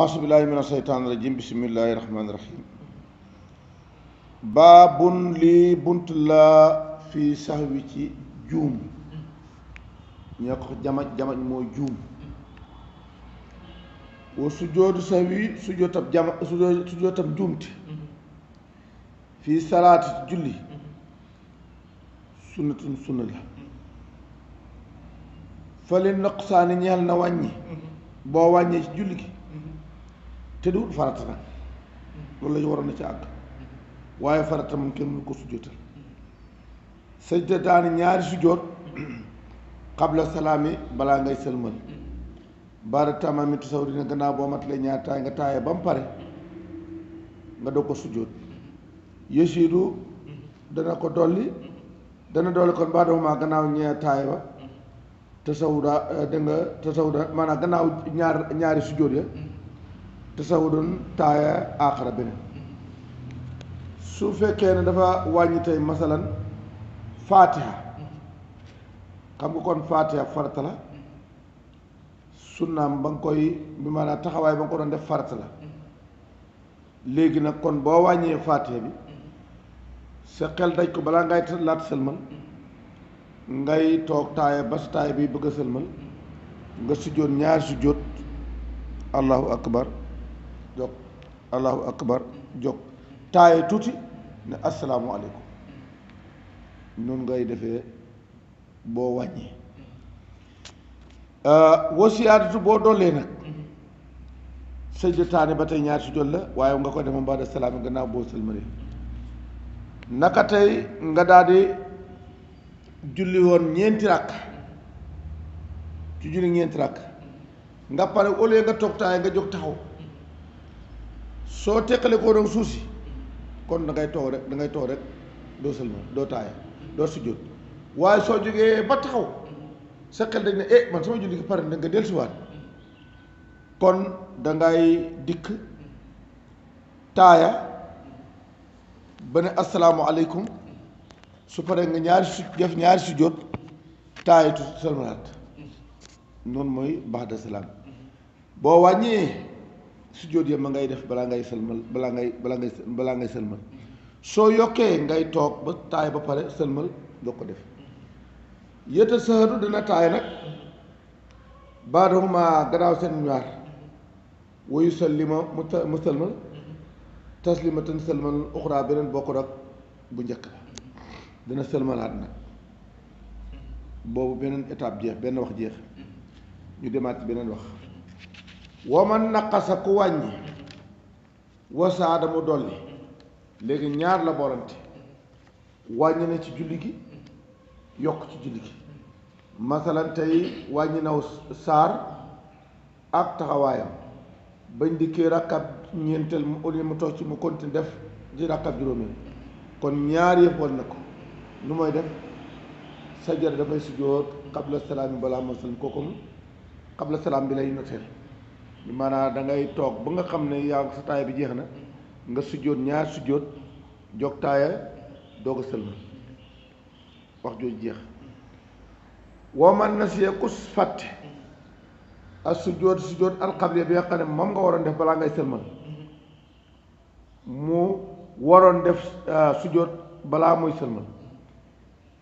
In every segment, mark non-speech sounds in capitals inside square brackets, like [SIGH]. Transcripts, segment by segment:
aasubillahi min asheytaan rajim bisimillahi rahmaani rahim baa bun lii bunt la fii sax wi ci juum ñoo ko jamaj jamaj mooy juum wa sujoodu sax wi sujootab jama sujootab juumte fii salaati julli sunnatun sunna la fali noqsaani ñeel na wàññi boo wàññee ci julli gi te du farata nag loolu la ñu waroon a ci àgg waaye farata moom kenn mënu ko sujjootal sajda daan ñaari sujjoot xabla salaami balaa ngay sëlmal baara mi tasaw dina gannaaw boo matalee ñaar taay nga taaye ba mu pare nga doog ko sujjoot yësiidu dana ko dolli dana dolli kon baa dama maa gannaaw ñaar taay ba tasaw daa da nga tasaw daa maanaam gannaaw ñaar ñaari sujjoot ya tasawudun taaya aaxara beneen su fekkee ne dafa wàññitey tey masalan faatiha xam nga kon faatiha farata la sunnaam ba nga koy bi maa naa taxawaay ba nga ko doon def farata la léegi nag kon boo wàññee faatiha bi sa xel daj ko balaa ngay laat sëlmal ngay toog taaya ba sa taaya bi bëgg a sëlmal nga sujjóot ñaar sujjóot allahu akbar jóg allahu akbar jóg taaye tuuti ne asalaamualeykum noonu ngay defee boo wàññi euh, wasiyaadatu boo dollee nag sëjdataani ba tey ñaar su jot la waaye nga ko demoon ba da salaam yi gannaaw boo sëlmari naka tey nga daal di julli woon ñeenti ràkk ci julli ñeenti ràkk nga pare au lieu nga toog taay nga jóg taxaw soo teqale koo doon suuf si kon da ngay toog rek da ngay toog rek doo sëlmal doo taaya doo sujjóot waaye soo jógee ba taxaw sa xel dañ ne eh man sama julli gi pare na nga dellusiwaat kon dangay dikk taaya ba ne asalaamualeykum su paree nga ñaari su def ñaari sujjóot taayatu sëlmalaat noonu mooy baax de salaam boo wàññee. sujjóot ya ma ngay def balaa ngay sëlmal balaa ngay balaa ngay balaa ngay sëlmal soo yokkee ngay toog ba taay ba pare sëlmal doo ko def yëta sëhatu dina taay nag baadahuma gannaaw seen ñaar wayu sallima mu ta mu sëlmal taslimatan sëlmal uxraa beneen bokkut ak bu njëkk ba dina sëlmalaat nag boobu beneen étape jeex benn wax jeex ñu demaat beneen wax wa man naqasa ku wàññi wasaada mu dolli léegi ñaar la borante wàññi na ci julli gi yokk ci julli gi masalan tey wàññi naw saar ak taxawaayam bañ dikkee rakkab ñeenteel mu au lieu mu toog ci mu continue def di rakkab juróomeel kon ñaar yëpp wan na ko nu mooy def sajjada dafay sujjóot qabla salaam yi balaa masalam kooku mu qabla salaam bi lay noteel maanaam dangay toog ba nga xam ne yaa sa taay bi jeex na nga sujjóot ñaar sujjóot jog taaya doog a wax jooju jeex woo na sie ku fàtte ak sujjóot sujjóot alxabliya bi nga ne moom nga waroon def balaa ngay sëlmal mu waroon def ah, sujjóot balaa muy sëlmal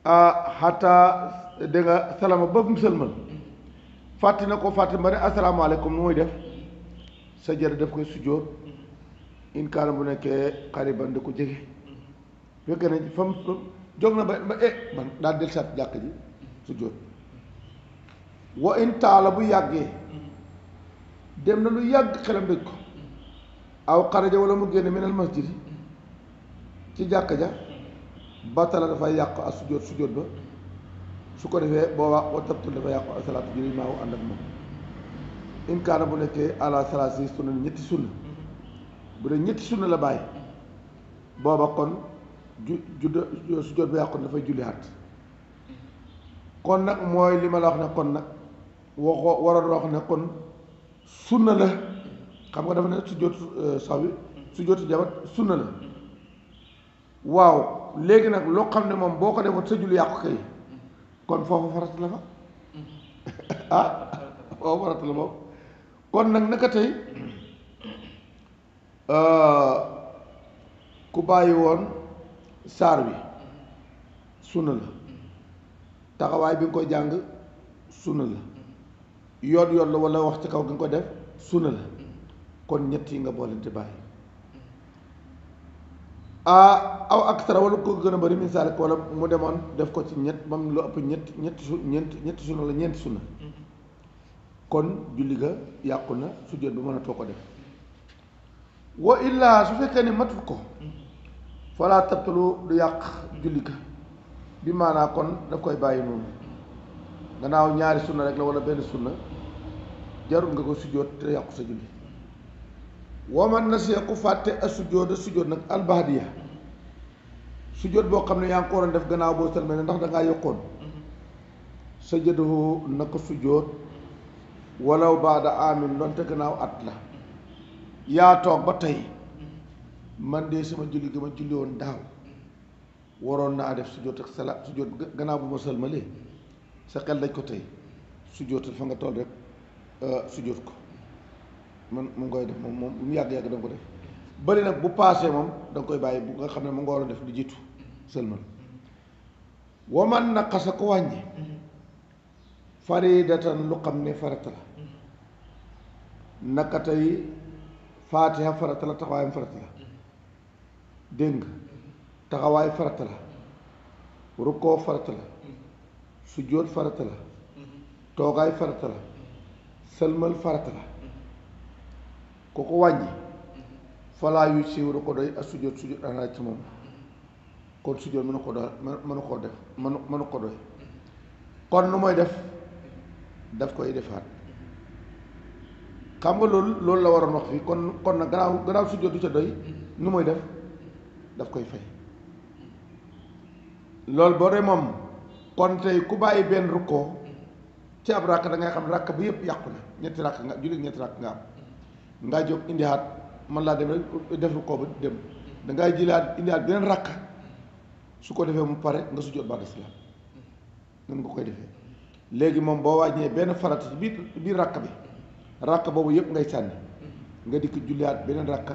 ah xataa da nga ba mu sëlmal fàtte na ko fàtte ba ne asalaamaaleykum nu muy def sa jëre def koy sujjóot in kaana bu nekkee xariban da ko jege fekkee ne fam jóg na ba ba e eh, man daal del sat jàkk ji sujjóot wa in taala bu yàggee dem na lu yàgg xelam dëj ko aw xaraja wala mu génn minal masjid ci jàkk ja batala dafay yàqu ak sujjóot sujjóot ba su ko defee boo wax wa tabtul dafa yàqu ak salaatu julli maawu ànd ak moom inkaana bu nekkee ala salaasi sunna ñetti sunna bu dee ñetti sunna la bàyyi booba kon ju judd su jot bi yàqoon dafay julliwaat kon nag mooy li ma la wax ne kon nag waxoo waroon wax ne kon sunna la xam nga dafa ne su jot euh, sawi su jot jabat sunna la waaw léegi nag loo xam ne moom boo ko defoon sa julli yàqu kay kon foofu farat la fa mm-hmm. [LAUGHS] ah, foofu farat la moom kon nag naka tey [CLEARS THROAT] euh, ku bàyyi woon saar wi sunna la taxawaay bi nga ko jàng sunna la yoon yoon la walla wax ci kaw gi nga ko def sunna la kon ñett yi nga boolente bàyyi ah aw ak sara walla ko gën a bari misaal walla mu demoon def ko ci ñett moom lu ëpp ñett ñetti su ñeenti ñetti la ñeenti sunna kon julli ga yàqu na sujjóot ba mënatoo ko def wa illaa su fekkee ni matul ko falaa tabtalu du yàq julli ga bi maanaa kon daf koy bàyyi noonu gannaaw ñaari sunna rek la wala benn sunna jarul nga ko sujjóot te yàqu sa julli wa man na ku fàtte a sujjóot a sujjóot nag albahdiya sujjóot boo xam ne yaa def gannaaw boo sëlmee ne ndax da ngaa yokkoon sa jëdoo na sujjóot walaw baada amin donte gannaaw at la yaa toog ba tey man de sama julli gi ma julli daaw waroon naa def sujjóot ak salaat sujjóot gannaaw bu ma sëlmalee sa xel dañ ko tey sujjóotal fa nga toll rek euh, sujjóot ko man mu ngi koy def moom moom mu yàgg-yàgg da ko def bari nag bu paasee moom da koy bàyyi bu nga xam ne mu nga waroon def lu jiitu sëlmal waman naqasa ko wàññi faridatan lu xam ne farata la naka tey faatiha farata la taxawaayam farata la dégg nga taxawaay farat la rukkoo farata la sujjóot farata la toogaay farata la sëlmal farata la ku ko wàññi falaa yu siiwru ko doy ak sujjóot sujjóot ana ci moom kon sujjóot mënu ko doy mënu ko def mënu doy kon nu mooy def daf koy defaat xam nga loolu loolu la waroon wax fii kon kon nag gannaaw gannaaw sujjóot du ca doy nu muy def daf koy fay loolu boo dee moom kon tey ku bàyyi benn rukkoo ci ab ràkk da xam ràkk bi yëpp yàqu na ñetti ràkk nga jullit ñetti ràkk nga am ngaa jóg indihaat man laa dem rek def rukkoo ba dem da ngay jëlaat indihaat beneen ràkk su ko defee mu pare nga sujjóot ba des la nan nga koy defee léegi moom boo wàññee benn farata ci biir biir rakk bi rakk boobu yëpp ngay sànni nga dikk julliyaat beneen rakk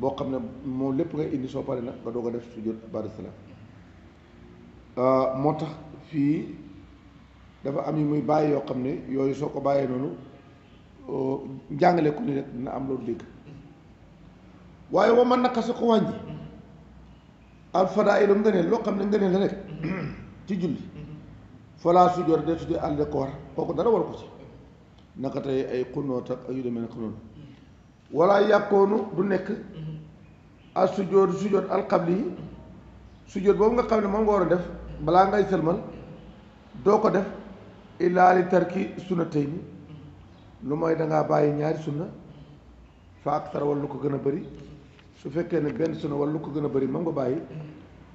boo xam ne moom lépp ngay indi soo pare na nga doog a def sujjóot ba'da salaam euh, moo tax fii dafa am yu muy bàyyi yoo xam ne yooyu soo ko bàyyee noonu euh, njàngale ku ni rek dina am loolu dégg waaye wa man naka su ko wàññi al fadaailu nga ne loo xam ne nga ne la rek ci julli falaa sujjóot day tuddee ànd ko war kooku dara ko ci naka ay xunóot ak ay yu demee nag noonu wala yàkkoonu du nekk ak sujjóot sujjóot alxabli yi sujjóot boobu nga xam ne moom nga war a def balaa ngay sëlmal doo ko def illaa li tarki sunna tey ni lu mooy dangaa bàyyi ñaari sunna fa aksara wala lu ko gën a bari su fekkee ne benn sunna wala lu ko gën a bari moom nga bàyyi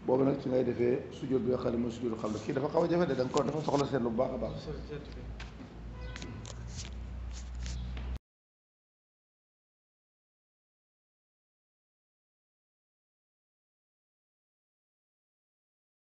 boobu nag ci ngay defee sujjóot bi nga xam ne mooy sujjóotu xam ne kii dafa a jafe de da ko dafa soxla seetlu bu baax a baax